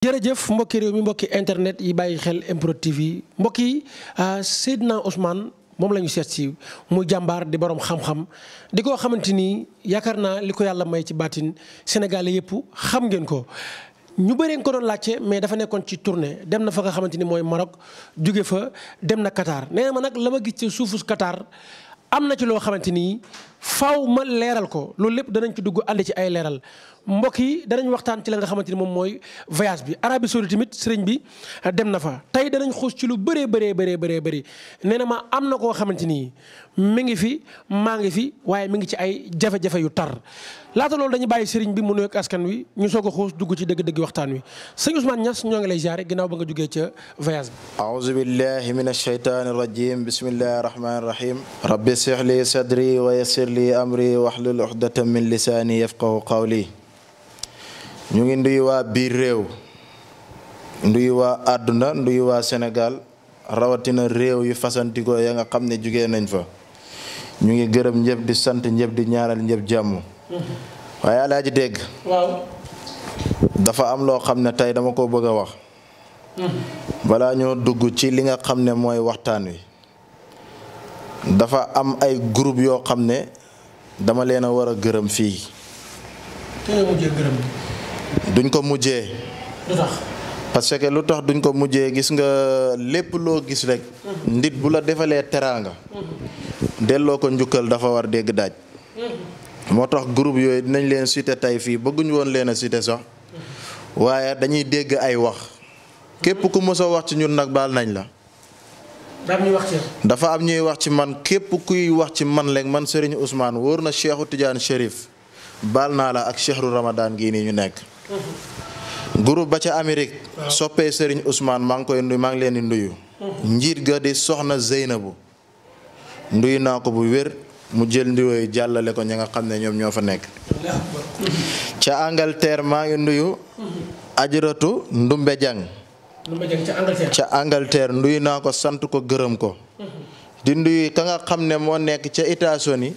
jërëjëf mbokki réew mi mbokki internet yi bàyyi xel improtive yi mbokki ah, yi Seydina Ousmane moom la ñu seet si muy jàmbaar di borom xam-xam di ko xamante ni yaakaar naa li ko yàlla may ci baatin Sénégal yëpp xam ngeen ko. ñu bëreen ko doon laajte mais dafa nekkoon ci tournée dem na fa nga xamante ni mooy Maroc jóge fa dem na Qatar nee na ma nag la ma gis ci suufu Qatar am na ci loo xamante ni faaw ma leeral ko loolu lépp danañ ci dugg ànd ci ay leeral mbokk yi danañ waxtaan ci la nga xamante ni moom mooy voyage bi Arabie Saoudite tamit sëriñ bi euh, dem na fa tey danañ xuus ci lu bëree bëree bëree bëree bëri nee na ma am na koo xamante ni mu ngi fi maa ngi fi waaye mu ngi ci ay jafe-jafe yu tar laata loolu dañuy bàyyi sëriñ bi mu nuyoog askan wi ñu soog a xuus dugg ci dëgg-dëgg waxtaan wi sëñ Ousmane Niass ñoo ngi lay jaare ginnaaw ba nga jógee ca voyage bi aouzu billahi min li amri wahlul uqdatan min lisaani yafqahu qawli ñu ngi nduyu waa biir réew nduyu àdduna nduyu waa Sénégal rawatina réew yu fasantikoo ya nga xam ne jugee nañ fa ñu ngi gërëm ñëpp di sant ñëpp di ñaaral ñëpp jàmm waaye alaaji dégg waaw dafa am loo xam ne tey dama ko bëgg a wax balaa ñoo dugg ci li nga xam ne mooy waxtaan wi dafa am ay groupe yoo xam ne dama leen a war a gërëm fii. duñ ko mujjee. lu parce que lu tax duñ ko mujjee gis nga lépp loo gis rekk mhm. ndit bu la defalee teraanga. Mhm. delloo ko njukkal dafa war dégg daaj. Mhm. moo tax groupe yooyu dinañ leen cité tey fii bëgguñu woon leen a sax. waaye dañuy dégg ay wax. képp ku mës wax ci ñun nag baal nañ la. dafa am ñuy wax ci man képp kuy wax ci man léegi man Serigne usmaan wóor na Cheikhu Tidiane Chérif bal naa la ak chehru Ramadan gi ni ñu nekk. Mhm. groupe ba ca Amérique. soppee Serigne Ousmane maa koy maa ngi leen di nuyu. Mhm. njiit ga di soxna Zeynabu nduyu naa ko bu wér mu jël ndiwooyu jàllale ko ña nga xam ne ñoom ñoo fa nekk. ca Angleterre maa ngi nuyu. Mhm. ajratu ndu Jang ca Angleterre nduy naa ko sant ko gërëm ko di nduy ka nga xam ne moo nekk ca États-Unis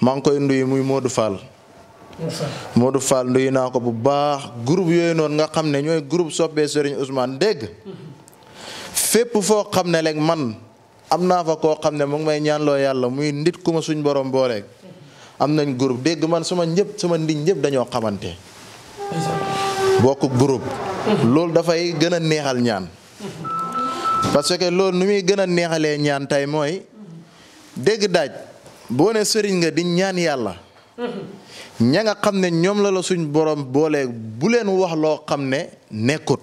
maa ngi koy nduy muy Modou Fall Modou Fall nduy naa ko bu baax group yooyu noonu nga xam ne ñooy group soppee Serigne Ousmane dégg fépp foo xam ne rek man am naa fa koo xam ne mu ngi may ñaanloo yàlla muy nit kuma ma suñ borom booleeg am nañ group dégg man suma ñëpp sama nit ñëpp dañoo xamante bokk groupe loolu dafay gën a neexal ñaan parce que loolu nu muy gën a neexalee ñaan tey mooy dégg daaj boo ne sëriñ nga di ñaan yàlla ña nga xam ne ñoom la la suñ borom boole bu leen wax loo xam ne nekkut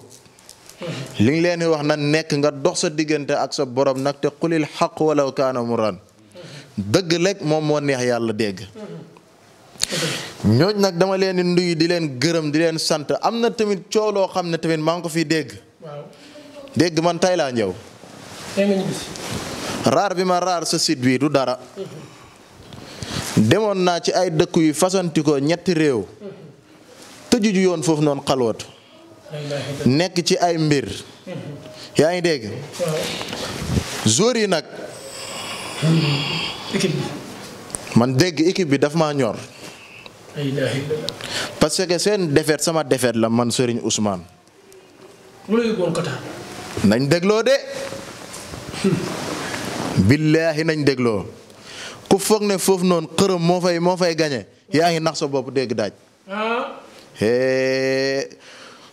li ngi leen di wax na nekk nga dox sa diggante ak sa boroom nag te xulil xaq walaw kaana muran dëgg lekk moom moo neex yàlla dégg ñooñ nag dama leen di nuyu di leen gërëm di leen sant am na tamit coow loo xam ne tamit maa ngi ko fi dégg. dégg man tay laa ñëw. raar bi ma raar sa site bii du dara. demoon naa ci ay dëkk yu fasantikoo ñetti réew. tëju ju yoon foofu noonu xalwoot nekk ci ay mbir. yaa ngi dégg. jour yi nag. man dégg équipe bi dafa ma ñor. parce que seen defet sama defet la man sëriñ Ousmane. mu la yóbboon Qatar. nañ dégloo de. billaahi nañ dégloo. ku foog ne foofu noonu xërëm moo fay gañe yaa ngi nax sa bopp dégg daaj. Ah.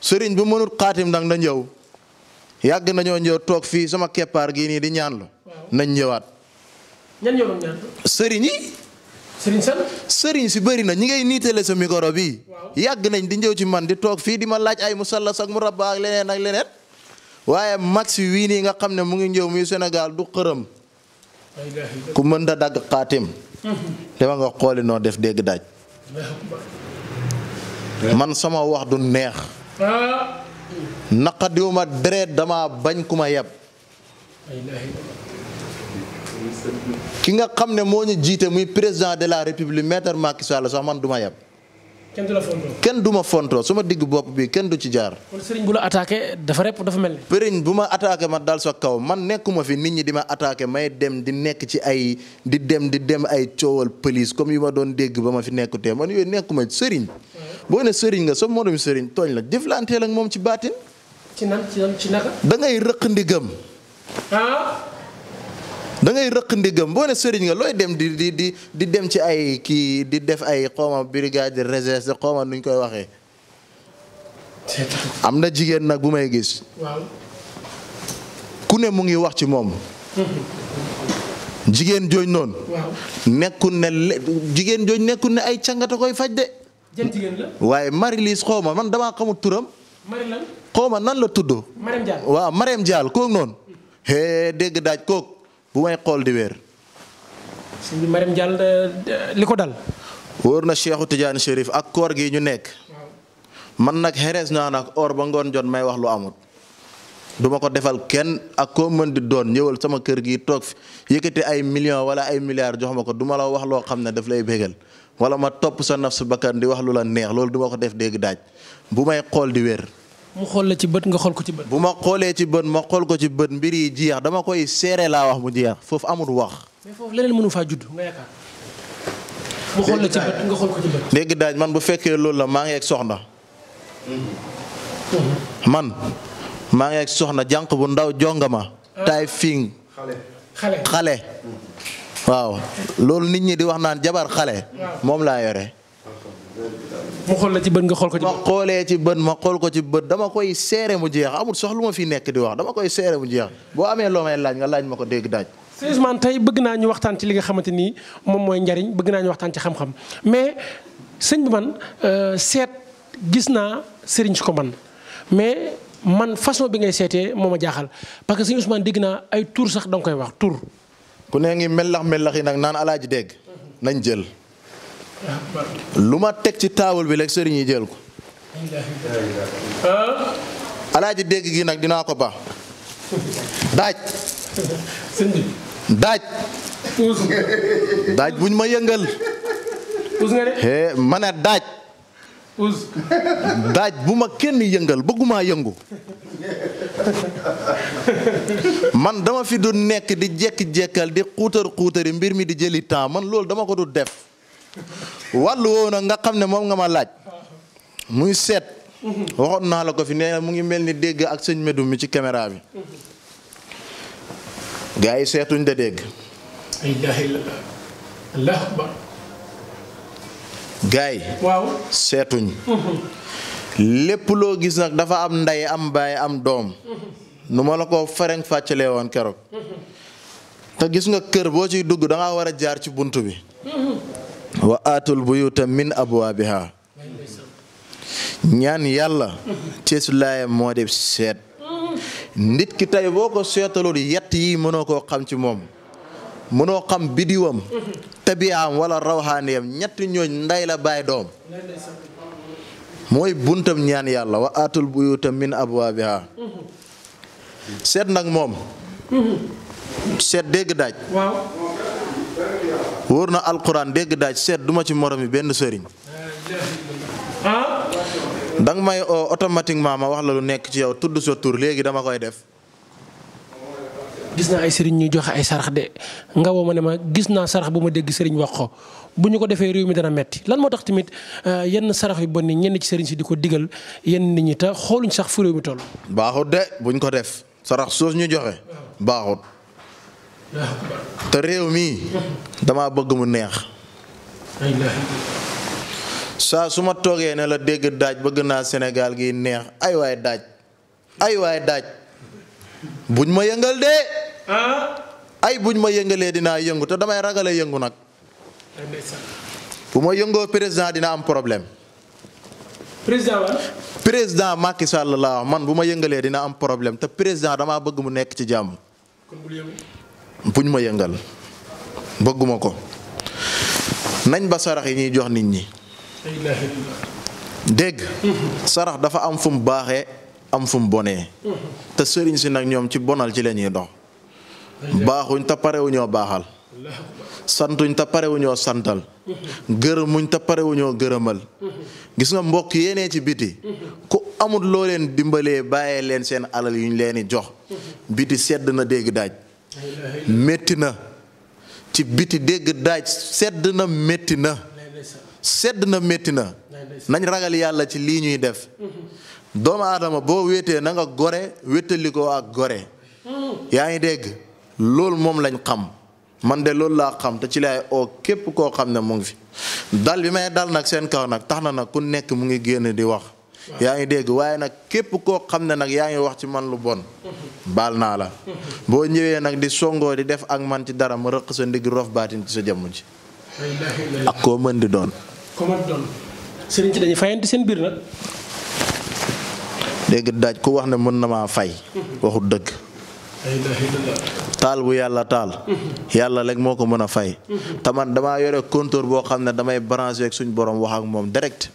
Serigne bu mënut xaatim nag na ñëw. yàgg nañoo ñëw toog fii sama keppaar gii nii di ñaan lu nañ ñëwaat. ñan Serigne Sall. Serigne si bëri na ñi ngay niitale sa mikoro bi yàgg nañ di njëw ci man di toog fii di ma laaj ay musallas ak murabba ak leneen ak leneen waaye max wii nii nga xam ne mu ngi njëw muy Sénégal du xërëm. ku mën da dagg xaatim. dama nga xooli noo def dégg daaj. man sama wax du neex. Ah. naqadiwuma deret dama bañ ku ma yeb. ki nga xam ne moo ñu jiite muy président de la république maître Macky Sall sax man du ma yab. kenn du la du ma fontoo su ma digg bopp bi kenn du ci jaar. sëriñ bu la attaqué dafa rep dafa mel ni. sëriñ bu ma attaqué ma dal sa kaw man nekkuma fi nit ñi di ma attaqué may dem di nekk ci ay di dem di dem ay coowal police comme yu ma doon dégg ba ma fi nekkutee man yooyu nekkuma sëriñ. boo ne sëriñ nga sa moromu sëriñ tooñ la jëflanteel ak moom ci baatin. ci nan ci nan ci naka. da ngay rëq ndigam. ah. dangay ngay rëq ndigam boo ne sëriñ nga looy dem di di dem ci ay kii di def ay xooma brigade de recherche xooma nuñ koy waxee. am na jigéen nag bu may gis. ku ne mu ngi wax ci moom. jigéen jooj noonu. waaw nekkul ne jigéen jooj nekkul ne ay cangata koy faj de. jën jigéen la. waaye Marie-Lise xooma man damaa xamul turam. Marie xooma nan la tuddoo Marème Dial waaw Marème Dial kooku noonu. Hmm. hee dégg daaj kooku. bu may xool di wér. li ko dal. wóor na Cheikhou Tidiane Chérif ak koor gi ñu nekk. man nag xerees naa nag or ba ngoon jot may wax lu amut. duma ko defal kenn ak koo mën di doon ñëwal sama kër gi toog fi yëkkati ay millions wala ay milliards jox ma ko duma la wax loo xam ne daf lay bégal wala ma topp sa naf su bakkan di wax lu la neex loolu duma ko def dégg daaj bu may xool di wér. mu xool la ci bët nga xool ko ci bët. bu ma xoolee ci bët ma xool ko ci bët mbir yi jeex dama koy seere laa wax mu jeex foofu amul wax. foofu leneen mënu faa judd nga yaakaar. daaj man bu fekkee loolu la maa ngi ak soxna. man maa ngi soxna jànq bu ndaw jongama. Ah. taay fii xale xale. waaw loolu nit ñi di wax naan jabar xale. moom laa yore. mu xool la ci bët nga xool ko ci bët. ma xoolee xool ko ci bët dama koy seere mu jeex amul soxlu ma fi nekk di wax dama koy seere mu jeex boo amee loo may laaj nga ma ko dégg daaj. sérieusement tey bëgg naa ñu waxtaan ci li nga xamante ni moom mooy njariñ bëgg naa ñu waxtaan ci xam-xam mais sëñ bi man euh, seet gis naa sëriñ su ko man mais man façon bi ngay seetee moom a jaaxal parce que sëñ Ousmane dégg naa ay tur sax danga nga koy wax tur. ku ne ngi mellax melax yi nag naan alaaji dégg nañ jël. lu ma teg ci taabal bi rek sëriñ jël ko. alaaji dégg gi nag dinaa ko baax. daaj. daaj. daaj buñ ma yëngal. hee daaj. daaj bu ma kenn yëngal bëggumaa yëngu. man dama fi du nekk di jekki jekkal di xuutar xuutari mbir mi di jëli temps man loolu dama ko du def. wàllu woowu nga xam ne moom nga ma laaj muy seet waxoon naa la ko fi nee mu ngi mel ni dégg ak sëñ Medu mi ci caméra bi gaa seetuñ da lépp loo gis nag dafa am nday am baay am doom nu ma la ko fereñ fàccalee woon keroog te gis nga kër boo ciy dugg danga war a jaar ci bunt bi wa aatul buyuta min abwaabiha ñaan yàlla ceesulaayam moo def seet nit ki tey boo ko seetaloon yett yi mënoo koo xam ci moom mënoo xam bidiwam tabiyaam wala rawxaaniyam ñetti ñooñ nday la baay doom mooy buntam ñaan yàlla wa aatul buyuta min abwaabiha seet nag moom seet dégg daaj wóor na al alquran dégg daaj seet duma ci morom yi benn sëriñ ah? danga may oo automatiquement ma wax la lu nekk ci yow tudd sa tur léegi dama koy def. gis naa ay sëriñ ñuy joxe ay sarax de nga woo ma ne ma gis naa sarax bu ma dégg sëriñ wax ko bu ñu ko defee réew mi dana metti lan moo tax tamit euh, yenn sarax yu bon ni ñenn ci sëriñ si di ko digal yenn nit ñi te xooluñ sax fu réew mi toll. baaxut de buñ ko def sarax soos ñu joxe baaxut. te réew mi dama bëgg mu neex saa su ma toogee ne la dégg daaj bëgg naa Sénégal gi neex ay waay daaj ay waay daaj buñ ma yëngal de ah? ay buñ ma yëngalee dinaa yëngu te damay ragale yëngu nag bu ma yëngoo président dina am problème président wa président Macky Sall laa man bu ma yëngalee dina am problème te président damaa bëgg mu nekk ci jàmm buñ ma yëngal bëgguma ko nañ ba sarax yi ñuy jox nit ñi dégg sarax dafa am fu mu baaxee am fu mu bonee te sëriñ si nag ñoom ci bonal ci la ñuy dox baaxuñ te parewuñoo baaxal santuñ te parewuñoo santal gërëmuñ te parewuñoo gërëmal gis nga mbokk yéenee ci biti ku amul looleen leen dimbalee bàyyee leen seen alal yu ñu leen di jox biti sedd na dégg daaj métti na ci biti dégg daaj sedd na métti na sedd na métti na nañ ragal yàlla ci lii ñuy def doomu aadama boo wéetee nanga gore wétali ak gore yaa ngi dégg loolu moom lañ xam man de loolu laa xam te ci laay oo képp koo xam ne mu ngi fi dal bi may dal nag seen kaw nag tax na nag ku nekk mu ngi génn di wax yaa ngi dégg waaye nag képp koo xam ne nag yaa ngi wax ci man lu bon baal naa la boo ñëwee nag di songoo di def ak man ci dara ma rëq sa ndigg rof baatin ci sa jëmm ji ak koo mën di doon koo mën seen biir nag dégg daaj ku wax ne mën na maa fay waxut dëgg taal bu yàlla taal yàlla rek moo ko mën a fay te man damaa yore compteur boo xam ne damay branché ak suñ borom wax ak moom direct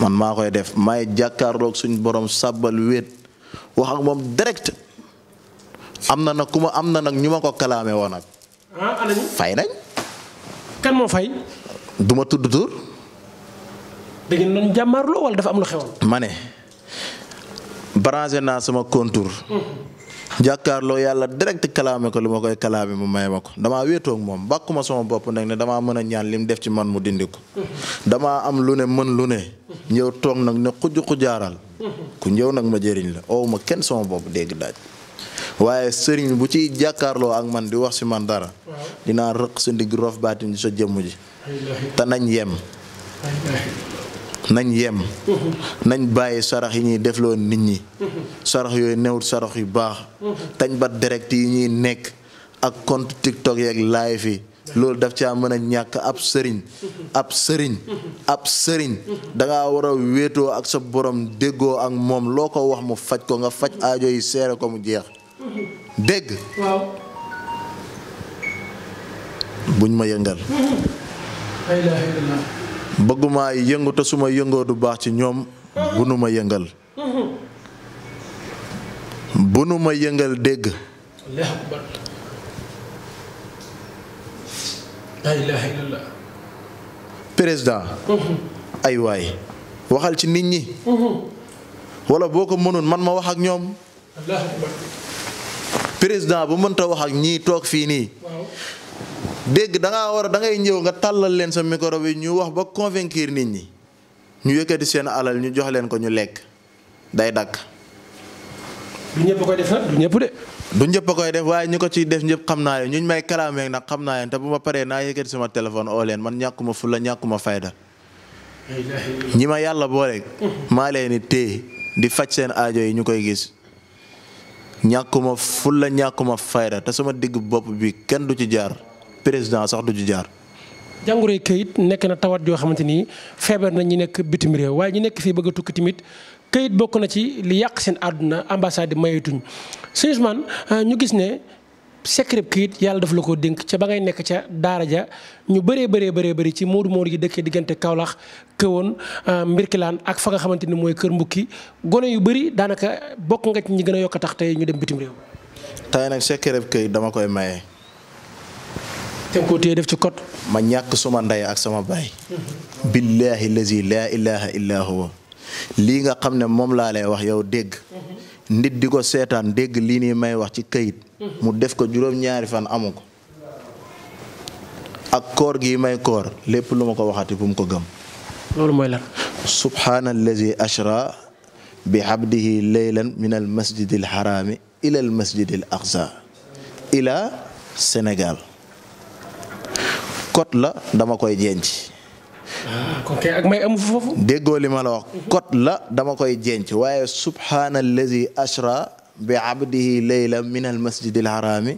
man maa koy def may jàkkaarloog suñ borom sàbbal wéet wax moom direct am na na ku am na nag ñu ma ko kalaame woon ah, fay nañ. kan moo fay. duma ma tudd tur. da ngeen wala dafa am lu xewoon. ma ne branché naa sama contour. Mm-hmm. jàkkaarloo yàlla direct kalaame ko li ma koy kalaame mu may ma ko damaa wéetoo moom bàkkuma sama bopp nag ne damaa mën a ñaan lim def ci man mu dindi ko dama am lu ne mën lu ne ñëw toog nag ne xuj xujaaral ku ñëw nag ma jëriñ la ow ma kenn sama bopp dégg daaj waaye sëriñ bu ci jàkkaarloo ak man di wax si man dara dinaa rëq sa ndigg rof baatin sa jëmm ji te nañ yem nañ yem nañ bàyyi sarax yi ñuy defloo nit ñi sarax yooyu newut sarax yu baax tañbat bat direct yi ñuy nekk ak compte tiktok yeeg live yi loolu daf caa mën ñàkk ab sëriñ ab sëriñ ab sëriñ dangaa war a wéetoo ak sa boroom déggoo ak moom loo ko wax mu faj ko nga faj aajo yi seere ko mu jeex dégg buñ ma yëngal bëgguma yëngu te su yëngoo du baax ci ñoom bu nu ma yëngal bu nu ma yëngal dégg la mhm. ay waay waxal ci nit ñi mhm. wala boo ko mënoon man ma wax ak ñoom président bu mënta wax ak ñii toog fii nii dégg da war a dangay ngay ñëw nga tàllal leen sa micro bi ñu wax ba convaincre nit ñi ñu yëkkati seen alal ñu jox leen ko ñu lekk day dakk du ñëpp ñëpp de. du ñëpp koy def waaye ñu ko ciy def ñëpp xam naa leen ñu may kalaamee nag xam naa leen te bu ma paree naa yëkkati sama téléphone oo leen man ñàkkuma fulla ñàkkuma fayda. ñi ma yàlla boole. maa leen di di faj seen aajo yi ñu koy gis. ñàkkuma fulla ñàkkuma fayda te sama digg bopp bi kenn du ci jaar. président sax du ju jaar. jàngoroy këyit nekk na tawat joo xamante ni feebar na ñi nekk bitim réew waaye ñi nekk fii bëgg a tukki tamit këyit bokk na ci li yàq seen àdduna ambassade yi mayetuñ sëñ Ousmane euh, ñu gis ne secret këyit yàlla daf la ko dénk ca ba ngay nekk ca daara ja ñu bëree bëree bëree bëri ci moodu moodu yi dëkkee diggante Kaolack Këwoon euh, Mbirkilaan ak fa nga xamante ni mooy kër mbukki gone yu bëri daanaka bokk nga ñi gën a yokk tax tey ñu dem bitim réew. tey nag secret këyit te ko téye def ci kot ma ñàkk suma ndey ak sama baay billaahi lazi laa ilaaha illaa huwa lii nga xam ne moom laa lay wax yow dégg nit di ko seetaan dégg lii ni may wax ci kayit mu def ko juróom-ñaari fan amu ko ak koor gi may koor lépp lu ma ko waxati bu mu ko gëm loolu mooy lan subhaanallazi ashra bi abdihi leylan min al masjidil haraami ila al masjidil aqsa ila senegal kot la dama koy jenc ak foofu déggoo li la wax kot la dama koy jenc waaye subhaanallazi ashra bi abdihi layla min al masjidil harami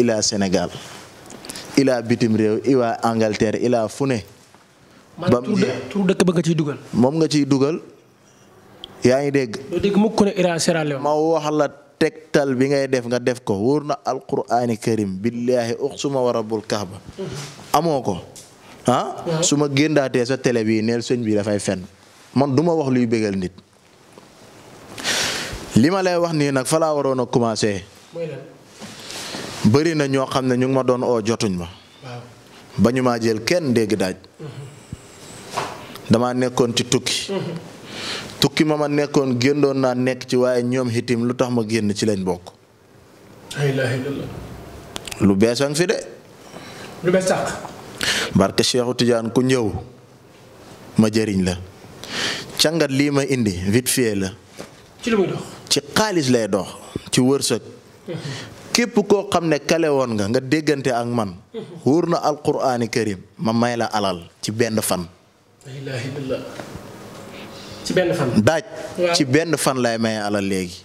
ila Sénégal ila bitim réew ila Angleterre ila fune ba nga ciy dugal moom nga ciy dugal yaa ngi dégg ma wax tegtal bi ngay def nga def ko wóor na alquraani karim billaahi ux suma wa rabbul kaaba amoo ko ah su ma géndaatee sa télé bii neel sëñ bi dafay fen man duma wax luy bégal nit li ma lay wax nii nag fa laa waroon a commencé bëri na ñoo xam ne ñu ngi ma doon oo jotuñ ma ba maa jël kenn dégg daaj mhm. dama nekkoon ci tukki mhm. tukki ma ma nekkoon génnoon naa nekk ci waaye ñoom itim lu tax ma génn ci lañ bokk. lu bees fi de. barke Cheikhou Tidiane ku ñëw ma jëriñ la càngat lii ma indi vite fait la. ci lu muy dox ci xaalis lay dox ci wërsëg. Mhm. képp koo xam ne kale woon nga nga déggante ak man. Mhm. wóor na alquraani karim ma may la alal ci benn fan. ci benn fan. daaj ci benn fan lay maye alal léegi.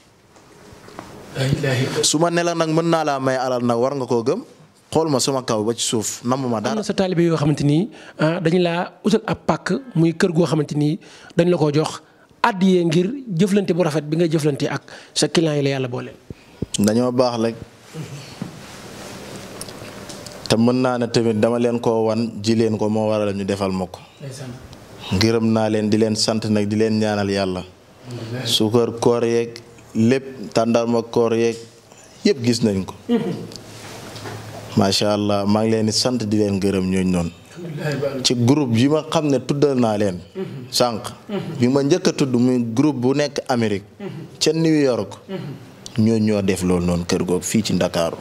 su ma ne la nag mën naa laa may alal nag war nga koo gëm xool ma sama kaw ba ci suuf namm ma dara. am na sa taalibe yoo xamante ni ah, dañu laa utal ab pàkk muy kër goo xamante ni dañ la ko jox àddiyee ngir jëflante bu rafet bi ngay jëflante ak sa client yi la yàlla boole. dañoo baax rek te mën naa ne tamit dama leen koo wan ji leen ko moo waral ñu defal ma ko. ngërëm naa leen di leen sant nag di leen ñaanal yàlla suukar koor yeek lépp tàndarma koor yeeg yëpp gis nañ ko macha allah maa leen di sant di leen gërëm ñooñ noonu ci groupe yi ma xam ne tuddal naa leen sànq bi ma njëkk a tudd muy bu nekk Amérique ca New York ñoo ñoo def loolu noonu kër googu fii ci Ndakaaru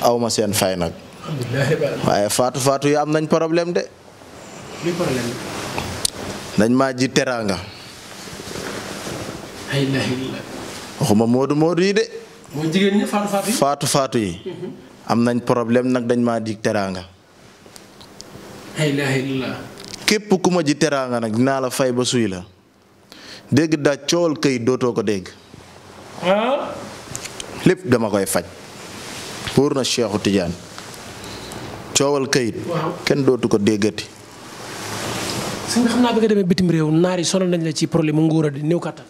awma seen fay nag waaye faatu faatu yi am nañ problème de dañ maa ji teraanga. waxuma moodu moodu yi de. faatu faatu yi. Mhm. am nañ problème nag dañ ma ji teraanga. képp ku ma ji teraanga nag dinaa la fay ba suy la. dégg daa cool kay dootoo ko dégg. Ah? lépp dama koy faj. wóor na Cheikhu Tidiane coowal kayit kenn dootu ko déggati sëñ bi xam naa bi nga demee bitim réew naar yi sonal nañ la ci problème mu ngóora di néew kàttan.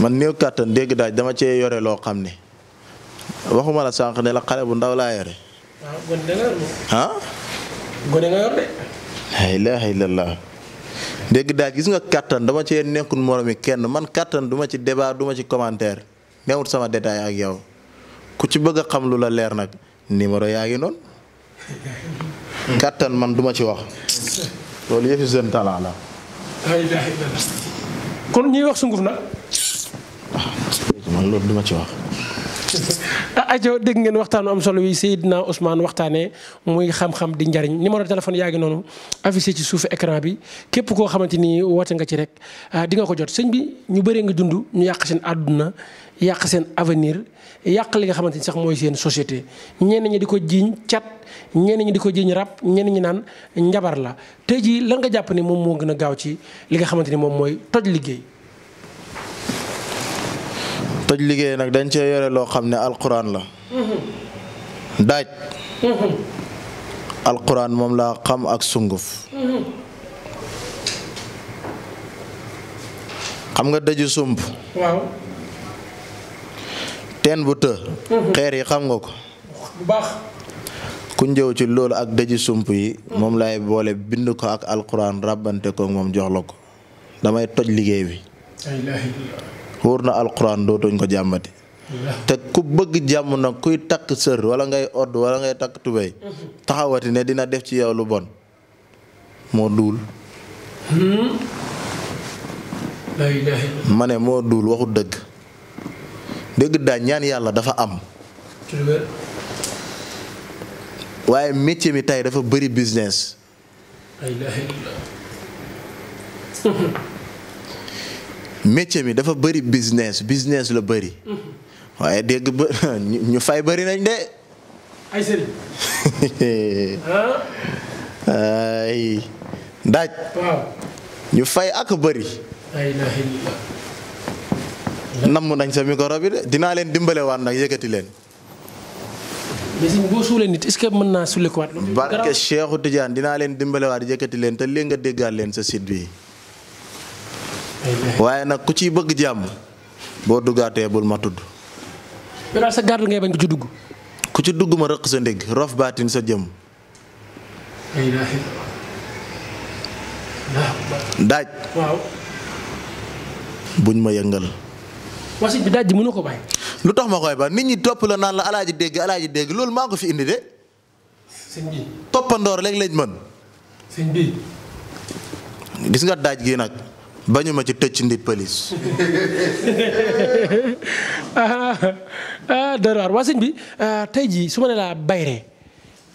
man néew kàttan dégg daaj dama cee yore loo xam ne waxuma la sànq ne la xale bu ndaw laa yore. ah gone la ilaha illallah dégg daaj gis nga kàttan dama cee nekkul moromi kenn man kàttan duma ci débat duma ci commentaire newut sama détail ak yow ku ci bëgg a xam lu la leer nag numéro yaa ngi noon kàttan man duma ci wax. loolu yëfi seen kon ñuy wax sunguf nag ah, man loolu duma ci wax ah ajo dégg ngeen waxtaanu am solo wi yi Seydina Ousmane waxtaanee muy xam-xam di njariñ numéro téléphone yaa ngi noonu affiché ci suufu écran bi képp koo xamante ni woote nga ci rek ah, di nga ko jot sëñ bi ñu bëree nga dund ñu yàq seen àdduna yàq seen avenir yàq li nga xamante ni sax mooy seen société ñenn ñi di ko jiiñ cat ñenn ñi di ko jiiñ rab ñenn ñi naan njabar la tey jii lan nga jàpp ni moom moo gën a gaaw ci li nga xamante ni moom mooy toj liggéey toj liggéey nag dañ cee yore loo xam ne alquran la daaj alxuraan moom laa xam ak sunguf xam nga daju sump teen bu të mhm. xeer yi xam nga ko bu baax ku njëw ci loolu ak dëji sump yi moom lay boole bind ko ak alquran ràbbante ko moom jox la ko damay toj liggéey bi wóor na alxuraan dootuñ ko jàmmati. te ku bëgg jàmm nag kuy takk sër wala ngay odd wala ngay takk tubéy taxawati ne dina def ci yow lu bon moo duul. mane moo duul waxut dëgg. dëgg daañ ñaan yàlla dafa am. waaye métier mi tey dafa bari business. métier mi dafa bari business business la bëri. Mhm. waaye dégg ba ñu fay bari nañ de. ay ah. daaj. ñu fay ak bëri. namm nañ sa micro bi de dinaa leen dimbalewaat nag yëkkati leen. mais boo suulee nit mën naa suule ko waat. barke Cheikhou Tidiane dinaa leen dimbale waat yëkkati leen te léegi nga déggaat leen sa site bi. waaye nag ku ciy bëgg jàmm boo duggaatee bul ma tudd. sa garde ngay ku ci dugg. ku ci dugg ma rëq sa ndég rof baatin sa jëm. daaj. buñ ma yëngal. wasit ji mënu ko bàyyi. lu tax ma koy ba nit ñi topp la naan la alaaji dégg alaaji dégg loolu maa ko fi indi de. sëñ bi toppandoor léeg lañ mën. gis nga daaj gi nag. bañu ma ci tëj ndi pëlis. ah ah, ah dara waa bi ah, tey jii su ma nee laa bayre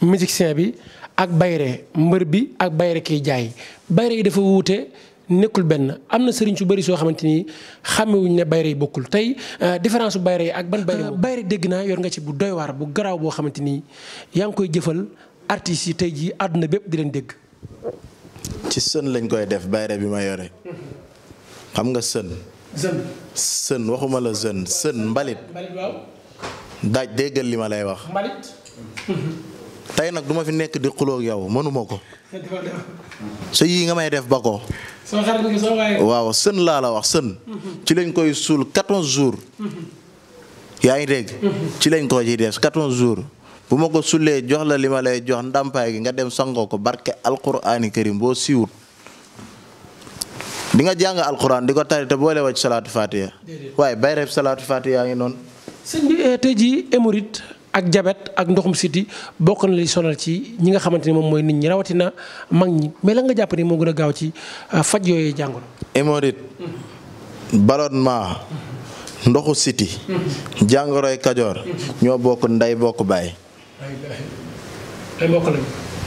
musicien bi ak bayre mbër bi ak bayre kiy jaay bayre yi dafa wuute nekkul benn am na sëriñ su bëri soo xamante ni xamewuñ ne bayre yi bokkul tey ah, différence bu bayre yi ak ban bayre bayre dégg naa yor nga ci bu doy waar bu garaaw boo xamante ni yaa ngi koy jëfal artistes yi tey jii àdduna bépp di leen dégg. ci sën lañ koy def bayre bi ma yore. xam nga sën. sën waxuma la sën sën mbalit. daaj déggal li ma lay wax. tey nag duma fi nekk di xuloo ak yow mënuma ko. sa yi nga may def ba ko. waaw sën laa la wax sën. ci lañ koy suul 14 jours. yaa ngi dégg. ci lañ ko ci des 14 jours. bu ma ko sulee jox la li ma lay jox ndàmpaay gi nga dem sangoo ko barke alquraani karim boo siiwut. di nga jàng alquran di ko tarit te boole wa ci salaatu fatiha waaye bay ref salaatu yaa ngi noonu. sëñ bi eh, jii émorite ak jabet ak ndoxum siti bokk na li sonal ci ñi nga xamante ni moom mooy nit ñi rawatina mag ñi mais la nga jàpp moo gën a gaaw ci ah, faj yooyu jàngoro. émorite. ndoxu siti jàngoroy kajoor ñoo bokk nday bokk baay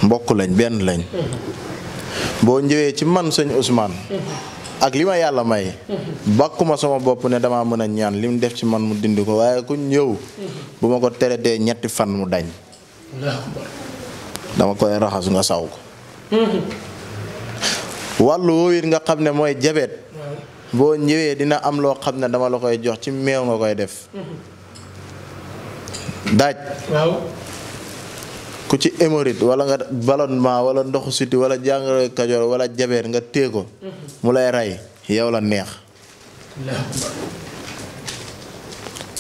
mbokk lañ benn lañ mm-hmm. boo ñëwee ci man sëñ usmaan mm-hmm. ak li ma yàlla may bàkkuma sama bopp ne damaa mën a ñaan li def ci man mu dindi ko waaye ku ñëw bu ma ko teretee ñetti fan mu dañ dama koy raxas nga saw ko wàllu woowu nga xam ne mooy jabet boo ñëwee dina am loo xam ne dama la koy jox ci meew nga koy def daaj ku ci hémorroïde wala nga ballonnement wala ndoxu siti wala jàngoro kajoor wala jabeer nga téye ko mhm. mu lay rey yow la neex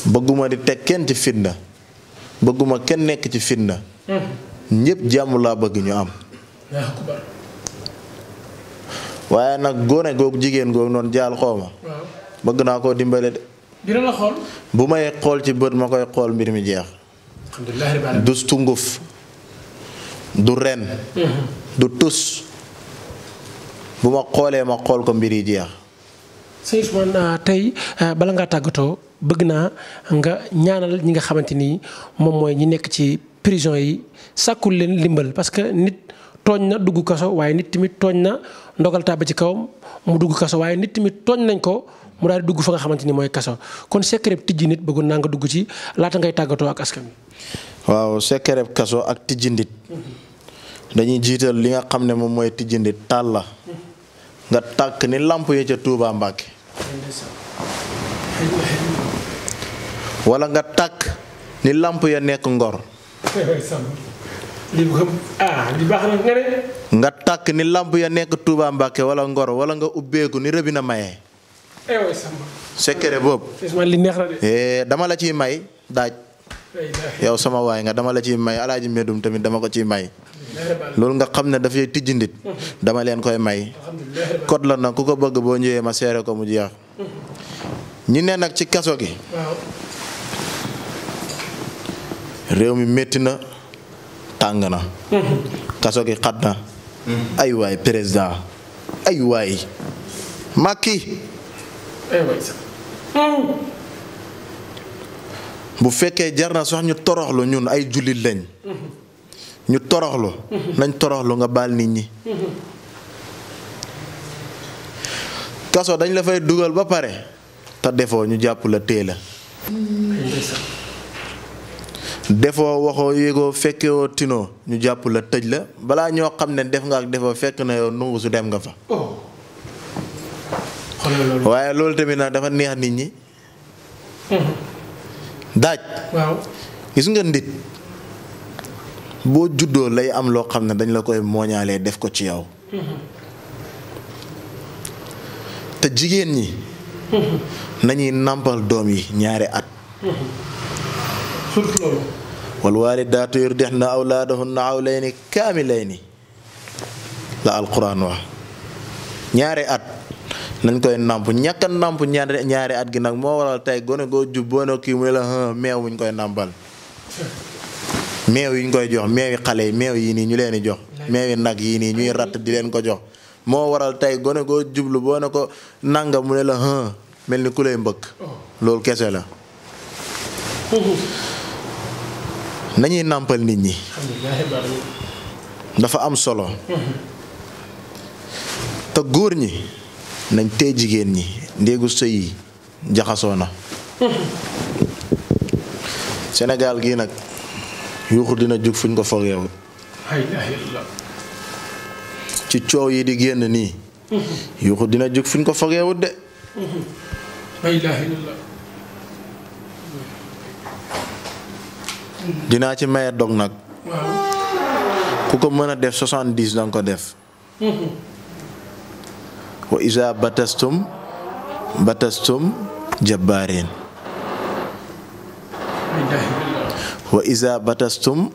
bëgguma di teg kenn ci fitna bëgguma kenn nekk ci fitna mhm. ñépp jàmm laa bëgg ñu am waaye nag góone googu jigéen googu noonu jaal xooma bëgg naa koo dimbale de dina bu may xool ci bët ma koy xool mbir mi jeex du tunguf du ren du tus bu ma xoolee ma xool ko mbir yi jeex sëñ Ousmane ah, tey ah, bala ngaa tàggatoo bëgg naa nga ñaanal ñi nga xamante ni moom mooy ñi nekk ci prison yi sàkkul leen limbal parce que nit tooñ na dugg kaso waaye nit tamit tooñ na ndogal ci kawam mu dugg kaso waaye nit tamit tooñ nañ ko mu daal di dugg fa nga xamante ni mooy kaso kon secret tijji nit bëggoon naa nga dugg ci laata ngay tàggatoo ak askan wi waaw sekkereb kaso ak tijjindit dañuy jiital li nga xam ne moom mooy tijjindit taal la nga tàkk ni làmp yi ca Touba wala nga tàkk làmp ya nekk Ngor nga tàkk ni làmp ya nekk Touba Mbàkke wala Ngor wala nga ubbeeku ni rëbbi na maye eh sekkere boobu eh, dama la ciy may daaj yow sama waay nga dama la ci may alaaji medum tamit dama ko ci may loolu nga xam ne dafay tijji nit dama leen koy may kot la nag ku ko bëgg boo ñëwee ma seere ko mu jeex ñi ne nag ci kaso gi réew mi metti na tàng na kaso gi xat na ay waay président ay waay Macky bu fekkee jar na sax ñu toroxlu ñun ay jullit lañ ñu toroxlu nañ toroxlu nga baal nit ñi kaso dañ la fay dugal ba pare te defoo ñu jàpp la tée la defoo waxoo yégoo ñu jàpp la tëj la balaa ñoo xam ne def nga ak defoo fekk na yow nungu su dem nga fa oh. waaye loolu tamit nag dafa neex nit ñi daaj. gis nga ndit boo juddoo lay am loo xam ne dañ la koy mooñaalee def ko ci yow. te jigéen ñi. nañuy nàmpal doom yi ñaari at. surtout loolu. wal waalidaatu yurdixna awlaadahunna awlayni kaamilayni la alquran wa ñaari at. nañ koy nàmp ñàkk nàmp ñaari ñaari at gi nag moo waral tey gone goo jub boona kii mu ne la meew wuñ koy nàmpal meew yi koy jox meew yi xale yi meew yi nii ñu leen di jox meew nag yii nii ñuy ratt di leen ko jox moo waral tey gone goo jublu boo ne ko nanga mu ne la hën mel ni ku lay mbëkk loolu kese la nañuy nàmpal nit ñi dafa am solo te góor ñi nañ tee jigéen ñi ndéegu sëy yi jaxasoo na Sénégal gii nag yuuxu dina jug fuñ ko fogeewul ci coow yi di génn nii yuuxu dina jug fuñ ko fogeewul de dinaa ci maye dog nag ku ko mën a def soixante-dix danga ko def wa isa batastum batastum jabbaarin wa isa batastum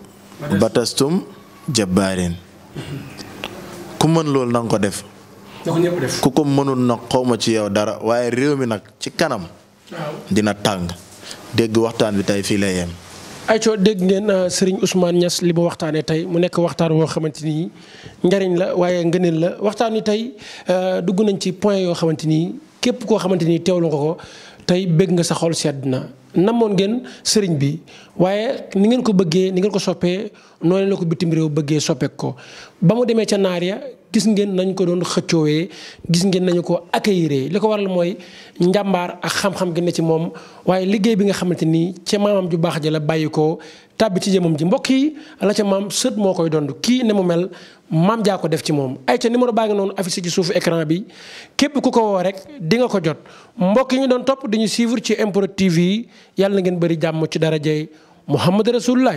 ku mën loolu na ko def ku ko mënul nag xawma ci yow dara waaye réew mi nag ci kanam dina tàng dégg waxtaan bi tey fii lay yem ay ayco dégg ngeen euh, Serigne Ousmane Niass li ba waxtaanee tey mu nekk waxtaan woo xamante ni njariñ la waaye ngëneel la waxtaan wi tey euh, dugg nañ ci point yoo xamante ni képp koo xamante ni teewlu nga ko tey bëgg nga sa xol sedd na. namoon ngeen Serigne bi waaye ni ngeen ko bëggee ni ngeen ko soppee noonu la ko bitim réew bëggee soppeek ko ba mu demee ca naar ya gis ngeen nañ ko doon xëccoowee gis ngeen nañu ko accueillir li ko waral mooy njàmbaar ak xam-xam gi ne ci moom waaye liggéey bi nga xamante ni ca maamam ju baax ja la bàyyi ko tàbbi ci jëmam ji mbokk yi la ca maam sët moo koy dond kii ne mu mel maam jaa ko def ci moom ay ca numéro baa ngi noonu affiché ci suuf ecran bi képp ku ko woo rek di nga ko jot mbokk yi ñu doon topp dañu suivre ci MPROD TV yàlla ngeen bëri jàmm ci dara darajey Muhammad Rasulullah